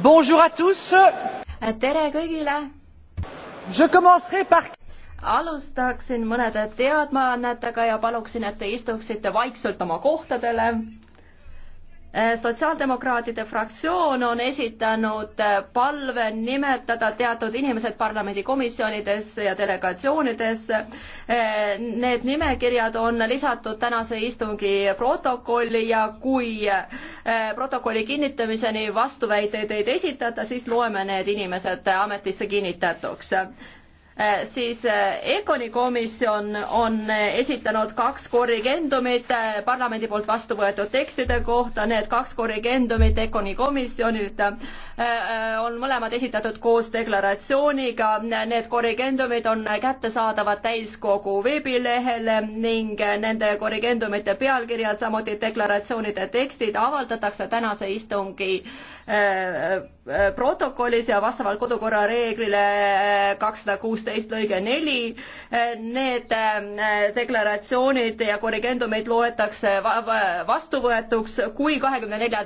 Bonjour à tous. tere kõigile. Je commencerai par alustaksin mõnede teadmaannetega ja paluksin, et te istuksite vaikselt oma kohtadele. Eh, sotsiaaldemokraatide fraktsioon on esitanud eh, palve nimetada teatud inimesed parlamendikomisjonidesse ja delegatsioonidesse. Eh, need nimekirjad on lisatud tänase istungi protokolli ja kui protokolli kinnitamiseni vastuväiteid ei esitata, siis loeme need inimesed ametisse kinnitatuks Äh, siis äh, ECONi komisjon on äh, esitanud kaks korrigendumit parlamendi poolt vastu võetud tekstide kohta, need kaks korrigendumit ECONi komisjonilt on mõlemad esitatud koos deklaratsiooniga, need korrigendumid on kättesaadavad täiskogu veebilehel ning nende korrigendumite pealkirjad, samuti deklaratsioonide tekstid avaldatakse tänase istungi protokollis ja vastavalt kodukorra reeglile kakssada kuus kuusteist lõige neli. Need äh, deklaratsioonid ja korrigendumid loetakse vastuvõetuks, kui kahekümne nelja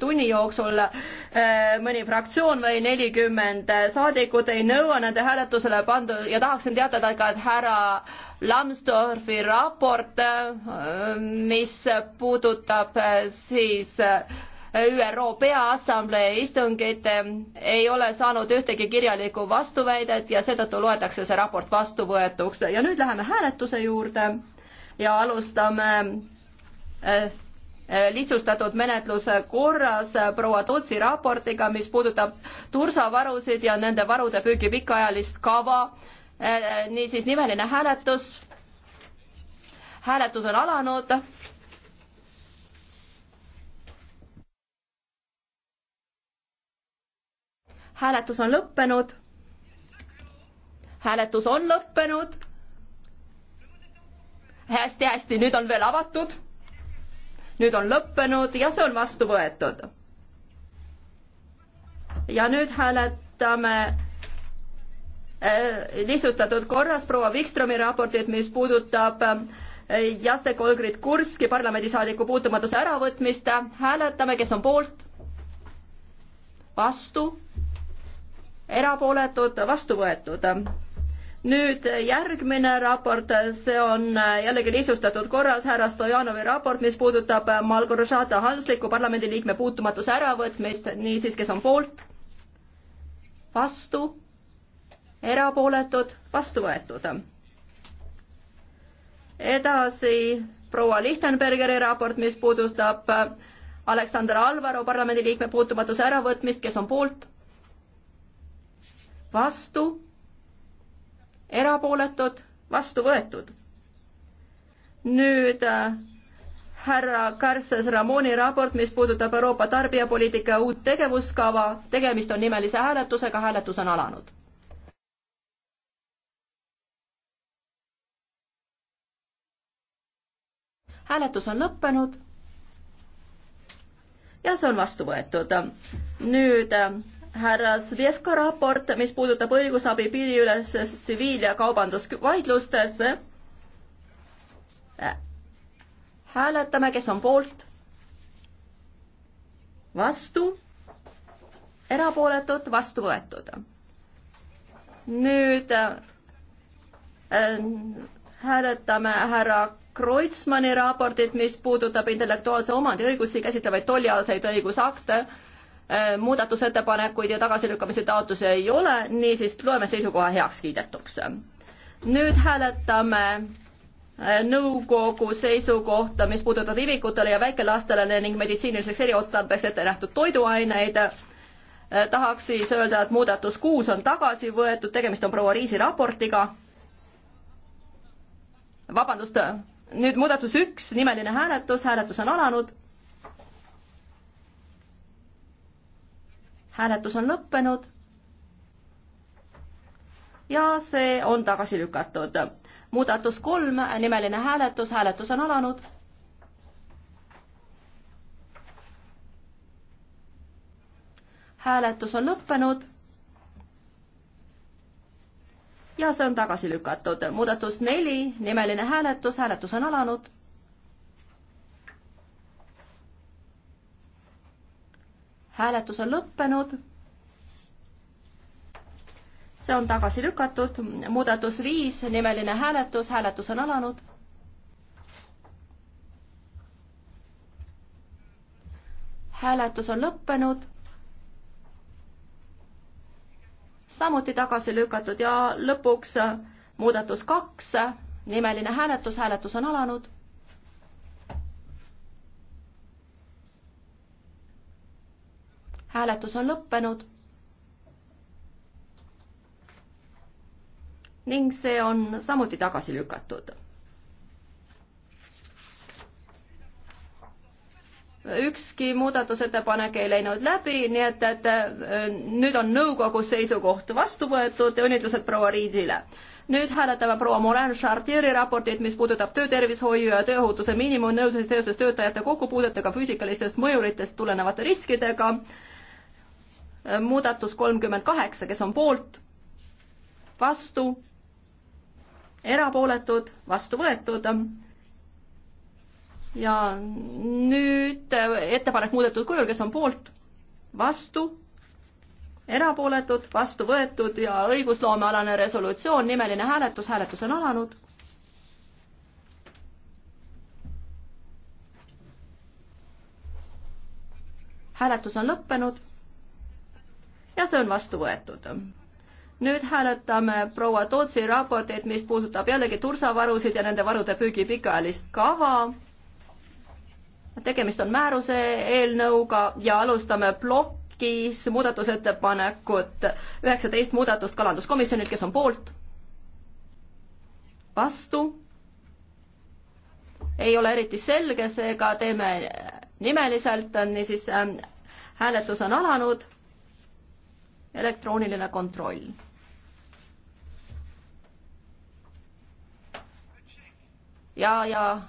tunni jooksul äh, mõni fraktsioon või nelikümmend saadikut ei nõua nende hääletusele pandud ja tahaksin teatada ka, et härra Lambsdorfi raport, äh, mis puudutab siis äh, ÜRO Peaassamblee istungit, eh, ei ole saanud ühtegi kirjalikku vastuväidet ja seetõttu loetakse see raport vastuvõetuks ja nüüd läheme hääletuse juurde ja alustame eh, eh, lihtsustatud menetluse korras proua Tootsi raportiga, mis puudutab tursavarusid ja nende varude püügi pikaajalist kava. niisiis nimeline hääletus. hääletus on alanud hääletus on lõppenud. hääletus on lõppenud hästi-hästi, nüüd on veel avatud. nüüd on lõppenud ja see on vastu võetud. ja nüüd hääletame äh, lihtsustatud korras proua Wikströmi raportit, mis puudutab äh, Jacek Olgrit Kurski parlamendisaadiku puutumatuse äravõtmist. hääletame, kes on poolt, vastu erapooletud, vastu võetud. nüüd järgmine raport, see on jällegi lihtsustatud korras härra Stojanovi raport, mis puudutab Malgorzata Hansliku parlamendiliikme puutumatuse äravõtmist, niisiis, kes on poolt, vastu, erapooletud, vastu võetud. edasi proua Lichtenbergeri raport, mis puudutab Aleksander Alvaro parlamendiliikme puutumatuse äravõtmist, kes on poolt vastu, erapooletud, vastu võetud. nüüd äh, härra Kärses Ramoni raport, mis puudutab Euroopa tarbijapoliitika uut tegevuskava, tegemist on nimelise hääletusega, hääletus on alanud. hääletus on lõppenud ja see on vastu võetud. nüüd äh, härra Svjevka raport, mis puudutab õigusabi piiriüleses tsiviil- ja kaubandusvaidlustes. Äh, hääletame, kes on poolt, vastu, erapooletud, vastu võetud. nüüd äh, hääletame härra Kreutzmanni raportit, mis puudutab intellektuaalse omandiõigusi käsitlevaid tollialaseid õigusakte Äh, muudatusettepanekuid ja tagasilükkamise taotlusi ei ole, niisiis loeme seisukoha heakskiidetuks. nüüd hääletame äh, nõukogu seisukohta, mis puudutab imikutele ja väikelastele ning meditsiiniliseks eriotstarbeks ette nähtud toiduaineid. Äh, tahaks siis öelda, et muudatus kuus on tagasi võetud, tegemist on proua Riisi raportiga. vabandust, nüüd muudatus üks, nimeline hääletus, hääletus on alanud hääletus on lõppenud. ja see on tagasi lükatud. muudatus kolm, nimeline hääletus, hääletus on alanud. hääletus on lõppenud. ja see on tagasi lükatud. muudatus neli, nimeline hääletus, hääletus on alanud hääletus on lõppenud. see on tagasi lükatud, muudatus viis, nimeline hääletus, hääletus on alanud. hääletus on lõppenud. samuti tagasi lükatud ja lõpuks muudatus kaks, nimeline hääletus, hääletus on alanud hääletus on lõppenud. ning see on samuti tagasi lükatud. ükski muudatusettepanek ei läinud läbi, nii et, et äh, nüüd on nõukogu seisukoht vastu võetud ja õnnitlused proua Riidile nüüd hääletame proua Morin Chartieri raportit, mis puudutab töötervishoiu ja tööohutuse miinimumnõudeid seoses töötajate kokkupuudetega füüsikalistest mõjuritest tulenevate riskidega Äh, muudatus kolmkümmend kaheksa, kes on poolt, vastu, erapooletud, vastu võetud. ja nüüd äh, ettepanek muudetud kujul, kes on poolt, vastu, erapooletud, vastu võetud ja õigusloomealane resolutsioon, nimeline hääletus, hääletus on alanud hääletus on lõppenud ja see on vastu võetud. nüüd hääletame proua Tootsi raportit, mis puudutab jällegi tursavarusid ja nende varude püügi pikaajalist kava. tegemist on määruse eelnõuga ja alustame plokis muudatusettepanekut, üheksateist muudatust kalanduskomisjonilt, kes on poolt? vastu? ei ole eriti selge, seega teeme nimeliselt, niisiis ähm, hääletus on alanud elektrooniline kontroll. ja, ja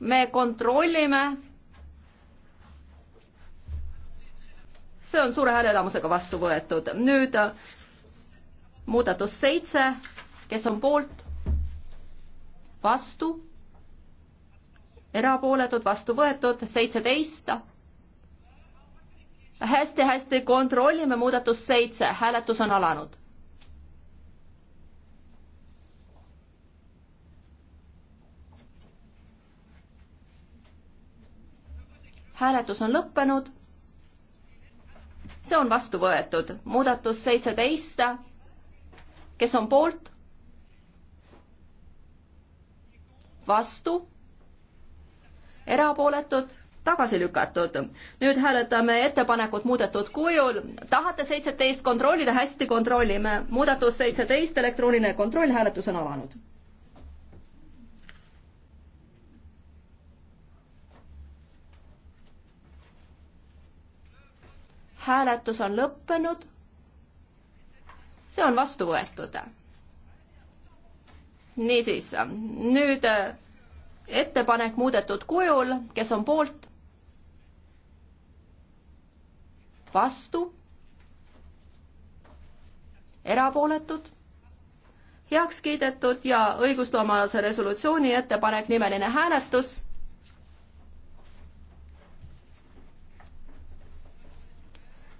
me kontrollime. see on suure hääleelamusega vastu võetud. nüüd muudatus seitse, kes on poolt, vastu, erapooletud, vastu võetud, seitseteist hästi-hästi kontrollime muudatust seitse, hääletus on alanud. hääletus on lõppenud. see on vastu võetud, muudatus seitseteist. kes on poolt? vastu? erapooletud? tagasi lükatud. nüüd hääletame ettepanekut muudetud kujul. tahate seitseteist kontrollida, hästi kontrollime. muudatus seitseteist, elektrooniline kontroll, hääletus on alanud. hääletus on lõppenud. see on vastu võetud. niisiis, nüüd ettepanek muudetud kujul, kes on poolt? vastu, erapooletud, heaks kiidetud ja õigusloomalase resolutsiooni ettepanek nimeline hääletus.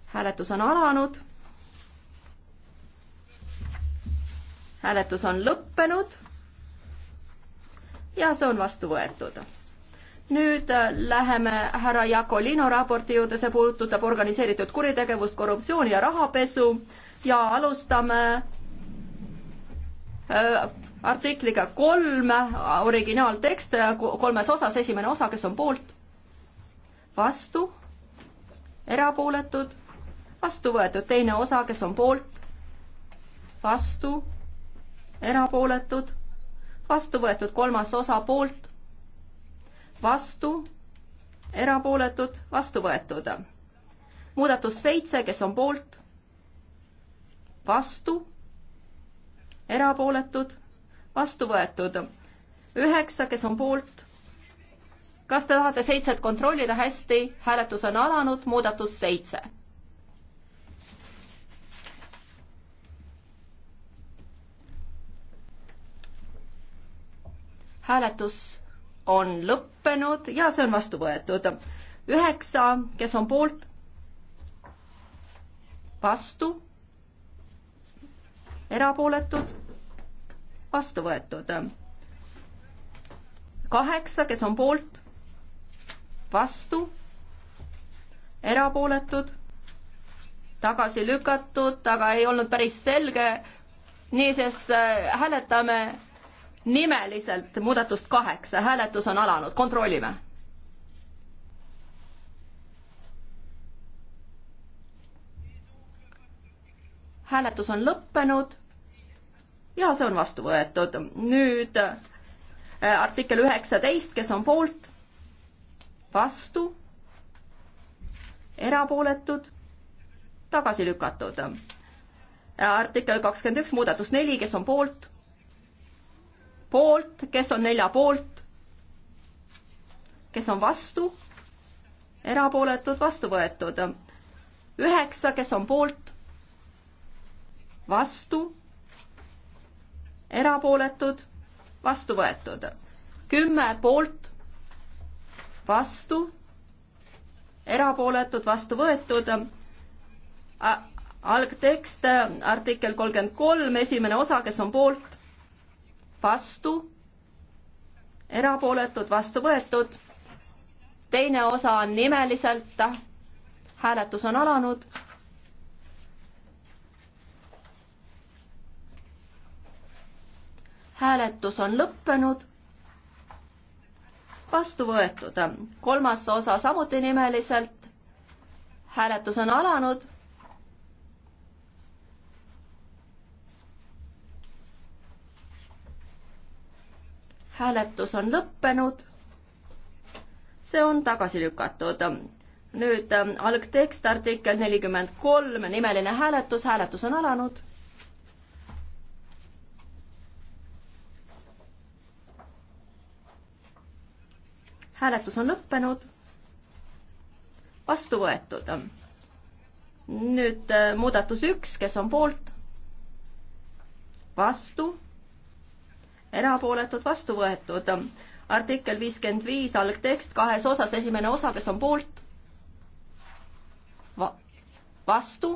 hääletus on alanud. hääletus on lõppenud ja see on vastu võetud nüüd äh, läheme härra Jakolino raporti juurde, see puudutab organiseeritud kuritegevust, korruptsiooni ja rahapesu ja alustame äh, artikliga kolm, originaaltekst äh, kolmes osas, esimene osa, kes on poolt, vastu, erapooletud, vastu võetud, teine osa, kes on poolt, vastu, erapooletud, vastu võetud, kolmas osa poolt, vastu, erapooletud, vastu võetud. muudatus seitse, kes on poolt, vastu, erapooletud, vastu võetud. üheksa, kes on poolt, kas te tahate seitset kontrollida hästi, hääletus on alanud, muudatus seitse hääletus on lõppenud ja see on vastu võetud. üheksa, kes on poolt? vastu? erapooletud? vastu võetud. kaheksa, kes on poolt? vastu? erapooletud? tagasi lükatud, aga ei olnud päris selge. niisiis äh, hääletame nimeliselt muudatust kaheksa, hääletus on alanud, kontrollime. hääletus on lõppenud ja see on vastu võetud. nüüd äh, artikkel üheksateist, kes on poolt, vastu, erapooletud, tagasi lükatud. Äh, artikkel kakskümmend üks, muudatus neli, kes on poolt poolt, kes on nelja poolt, kes on vastu, erapooletud, vastu võetud. üheksa, kes on poolt, vastu, erapooletud, vastu võetud. kümme poolt, vastu, erapooletud, vastu võetud algtekst, artikkel kolmkümmend kolm, esimene osa, kes on poolt, vastu, erapooletud, vastu võetud. teine osa on nimeliselt, hääletus on alanud. hääletus on lõppenud, vastu võetud. kolmas osa samuti nimeliselt, hääletus on alanud hääletus on lõppenud. see on tagasi lükatud. nüüd ähm, algtekst, artikkel nelikümmend kolm, nimeline hääletus, hääletus on alanud. hääletus on lõppenud. vastu võetud. nüüd äh, muudatus üks, kes on poolt? vastu erapooletud, vastu võetud. artikkel viiskümmend viis, algtekst kahes osas, esimene osa, kes on poolt Va? vastu,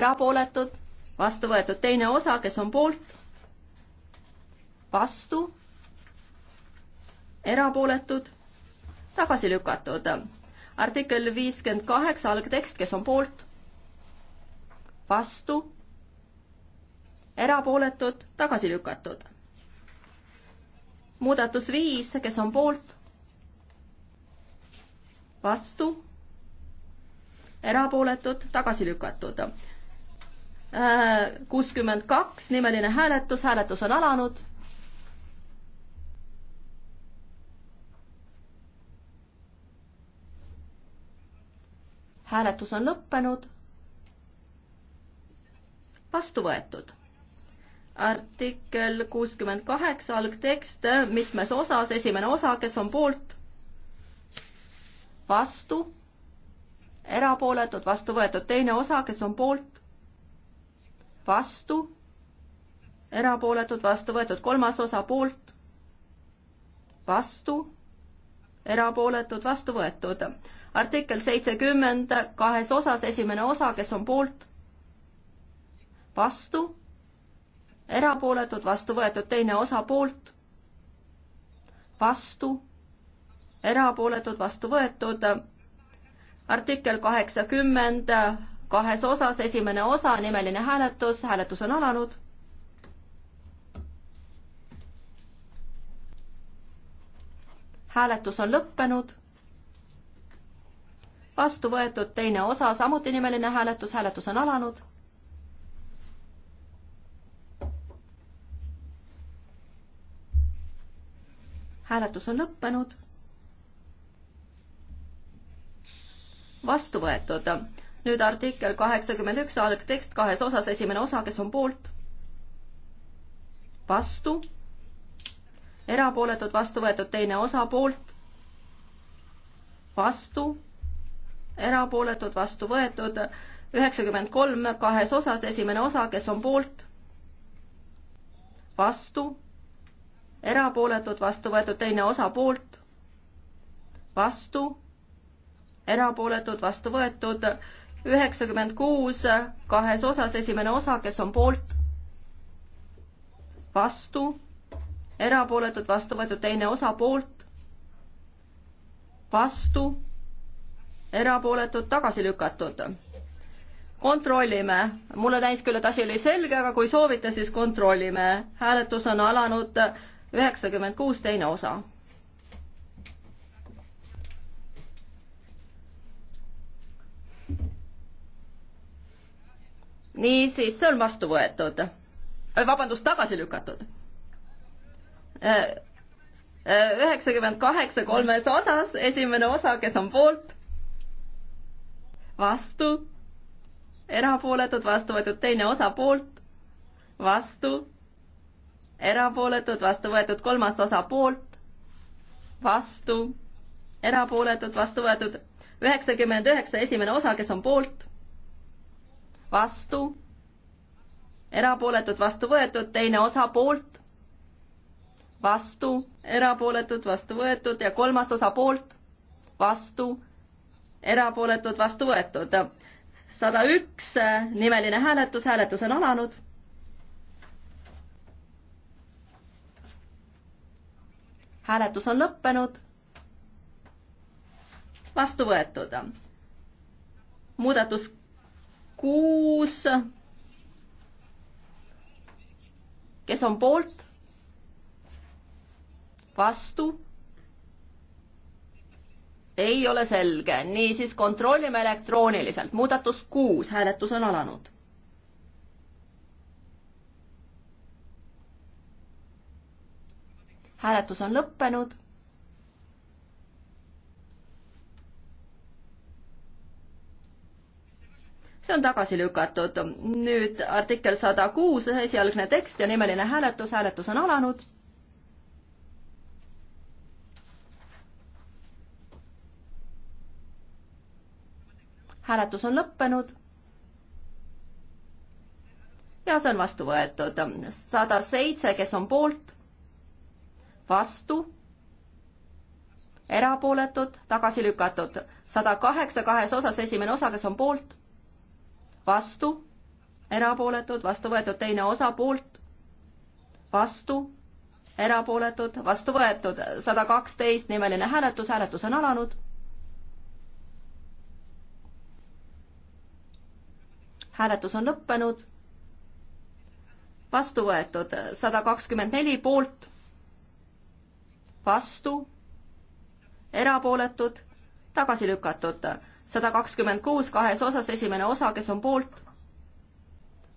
erapooletud, vastu võetud, teine osa, kes on poolt, vastu, erapooletud, tagasi lükatud. artikkel viiskümmend kaheksa, algtekst, kes on poolt, vastu erapooletud, tagasi lükatud. muudatus viis, kes on poolt, vastu, erapooletud, tagasi lükatud. Äh, kuuskümmend kaks, nimeline hääletus, hääletus on alanud hääletus on lõppenud. vastu võetud artikkel kuuskümmend kaheksa, algtekst mitmes osas, esimene osa, kes on poolt, vastu, erapooletud, vastu võetud, teine osa, kes on poolt, vastu, erapooletud, vastu võetud, kolmas osa poolt, vastu, erapooletud, vastu võetud. artikkel seitsekümmend kahes osas, esimene osa, kes on poolt, vastu erapooletud, vastu võetud, teine osa poolt, vastu, erapooletud, vastu võetud. artikkel kaheksakümmend kahes osas, esimene osa, nimeline hääletus, hääletus on alanud. hääletus on lõppenud. vastu võetud teine osa, samuti nimeline hääletus, hääletus on alanud hääletus on lõppenud. vastu võetud. nüüd artikkel kaheksakümmend üks, algtekst kahes osas, esimene osa, kes on poolt? vastu. erapooletud, vastu võetud, teine osa poolt? vastu. erapooletud, vastu võetud üheksakümmend kolm kahes osas, esimene osa, kes on poolt, vastu, erapooletud, vastu võetud, teine osa poolt, vastu, erapooletud, vastu võetud, üheksakümmend kuus kahes osas, esimene osa, kes on poolt, vastu, erapooletud, vastu võetud, teine osa poolt, vastu, erapooletud, tagasi lükatud. kontrollime, mulle täis küll, et asi oli selge, aga kui soovite, siis kontrollime. hääletus on alanud üheksakümmend kuus teine osa. niisiis, see on vastu võetud, äh, vabandust, tagasi lükatud. Äh, äh, üheksakümmend kaheksa kolmes osas, esimene osa, kes on poolt, vastu, erapooletud, vastu võetud, teine osa poolt, vastu erapooletud, vastu võetud, kolmas osa poolt, vastu, erapooletud, vastu võetud, üheksakümmend üheksa, esimene osa, kes on poolt, vastu, erapooletud, vastu võetud, teine osa poolt, vastu, erapooletud, vastu võetud ja kolmas osa poolt, vastu, erapooletud, vastu võetud. sada üks nimeline hääletus, hääletus on alanud hääletus on lõppenud. vastu võetud. muudatus kuus. kes on poolt? vastu? ei ole selge, niisiis kontrollime elektrooniliselt, muudatus kuus, hääletus on alanud hääletus on lõppenud. see on tagasi lükatud. nüüd artikkel sada kuus, esialgne tekst ja nimeline hääletus, hääletus on alanud hääletus on lõppenud. ja see on vastu võetud. sada seitse, kes on poolt, vastu, erapooletud, tagasi lükatud. sada kaheksa kahes osas, esimene osa, kes on poolt, vastu, erapooletud, vastu võetud, teine osa poolt, vastu, erapooletud, vastu võetud, sada kaksteist nimeline hääletus, hääletus on alanud. hääletus on lõppenud vastu võetud sada kakskümmend neli poolt, vastu, erapooletud, tagasi lükatud. sada kakskümmend kuus kahes osas, esimene osa, kes on poolt,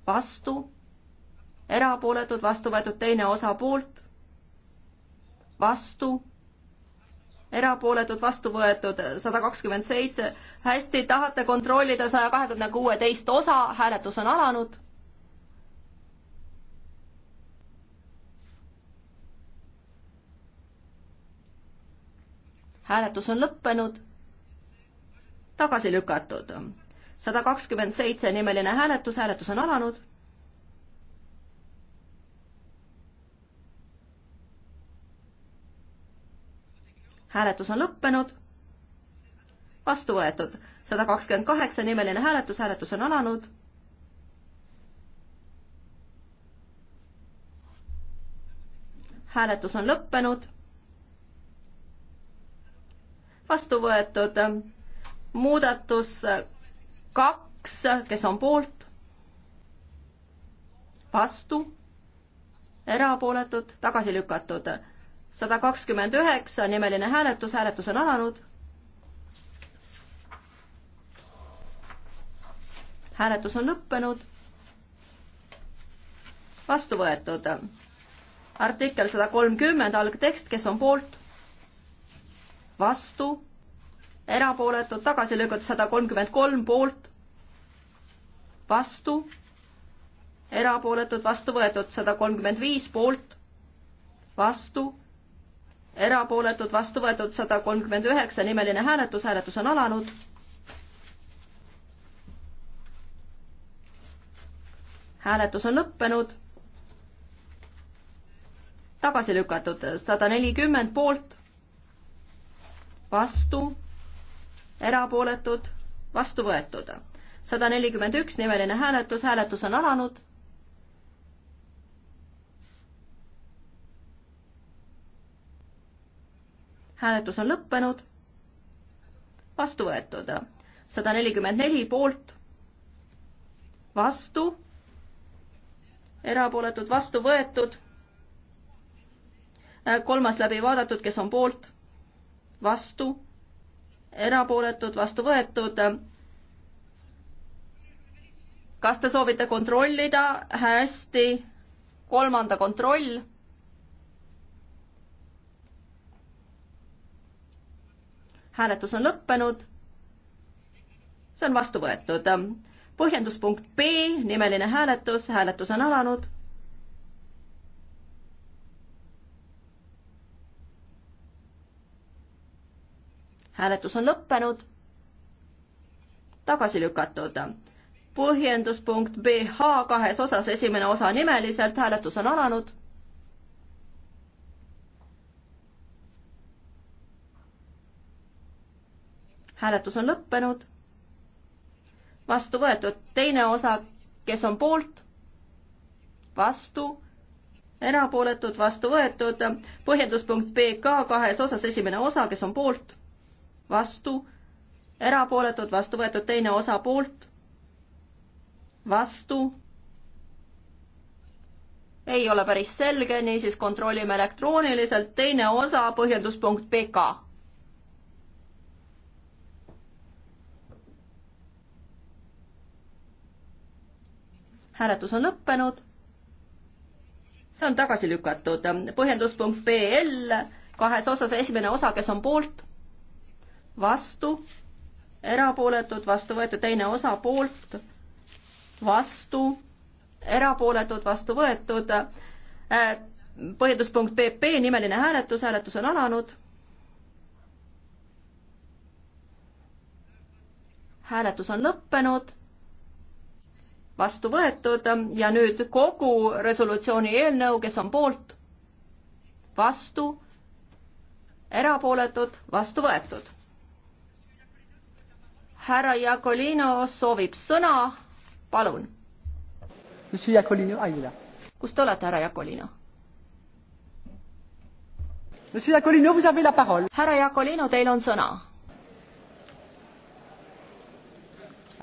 vastu, erapooletud, vastu võetud teine osa poolt, vastu, erapooletud, vastu võetud sada kakskümmend seitse. hästi, tahate kontrollida saja kahekümne kuueteist osa, hääletus on alanud hääletus on lõppenud, tagasi lükatud. sada kakskümmend seitse nimeline hääletus, hääletus on alanud. hääletus on lõppenud, vastu võetud. sada kakskümmend kaheksa nimeline hääletus, hääletus on alanud hääletus on lõppenud vastu võetud. muudatus kaks, kes on poolt? vastu? erapooletud, tagasi lükatud. sada kakskümmend üheksa, nimeline hääletus, hääletus on alanud. hääletus on lõppenud. vastu võetud. artikkel sada kolmkümmend, algtekst, kes on poolt? vastu, erapooletud, tagasi lükatud sada kolmkümmend kolm poolt, vastu, erapooletud, vastu võetud sada kolmkümmend viis poolt, vastu, erapooletud, vastu võetud sada kolmkümmend üheksa, nimeline hääletus, hääletus on alanud. hääletus on lõppenud tagasi lükatud, sada nelikümmend poolt, vastu, erapooletud, vastu võetud. sada nelikümmend üks nimeline hääletus, hääletus on alanud. hääletus on lõppenud, vastu võetud. sada nelikümmend neli poolt, vastu, erapooletud, vastu võetud kolmas läbi vaadatud, kes on poolt vastu, erapooletud, vastu võetud. kas te soovite kontrollida? hästi, kolmanda kontroll. hääletus on lõppenud. see on vastu võetud. põhjenduspunkt B, nimeline hääletus, hääletus on alanud hääletus on lõppenud, tagasi lükatud. põhjenduspunkt BH kahes osas, esimene osa nimeliselt, hääletus on alanud. hääletus on lõppenud, vastu võetud teine osa, kes on poolt, vastu erapooletud, vastu võetud. põhjenduspunkt BK kahes osas, esimene osa, kes on poolt, vastu, erapooletud, vastu võetud teine osa poolt, vastu, ei ole päris selge, niisiis kontrollime elektrooniliselt, teine osa, põhjenduspunkt PK. hääletus on lõppenud. see on tagasi lükatud, põhjenduspunkt BL kahes osas, esimene osa, kes on poolt vastu, erapooletud, vastu võetud, teine osa poolt, vastu, erapooletud, vastu võetud. Äh, põhjenduspunkt PP, nimeline hääletus, hääletus on alanud. hääletus on lõppenud, vastu võetud ja nüüd kogu resolutsiooni eelnõu, kes on poolt, vastu, erapooletud, vastu võetud härra Jakolino soovib sõna, palun. Ah, kus te olete, härra Jakolino? härra Jakolino, teil on sõna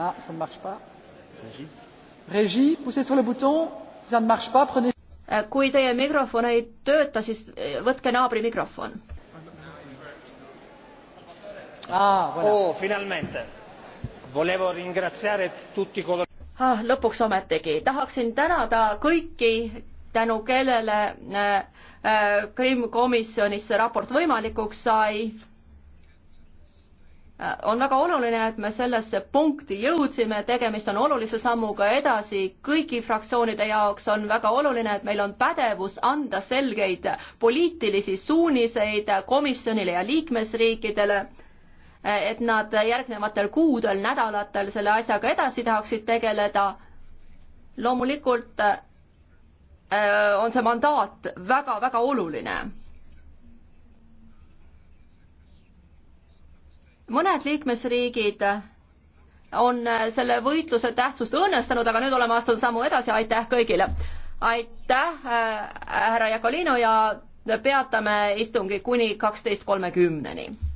Ah, ça ne marche pas. Régie. Régie, poussez sur le bouton. Si ça ne marche pas, prenez. Eh, kui teie mikrofon ei tööta, siis eh, võtke naabri mikrofon. Ah, voilà. oh, finalmente ah, lõpuks ometigi tahaksin tänada kõiki, tänu kellele äh, äh Krimm komisjonis see raport võimalikuks sai äh, on väga oluline, et me sellesse punkti jõudsime, tegemist on olulise sammuga edasi, kõigi fraktsioonide jaoks on väga oluline, et meil on pädevus anda selgeid poliitilisi suuniseid komisjonile ja liikmesriikidele et nad järgnevatel kuudel, nädalatel selle asjaga edasi tahaksid tegeleda. loomulikult äh, on see mandaat väga-väga oluline. mõned liikmesriigid on selle võitluse tähtsust õõnestanud, aga nüüd oleme astunud sammu edasi, aitäh kõigile. aitäh, äh, härra Jakolino ja peatame istungi kuni kaksteist kolmekümneni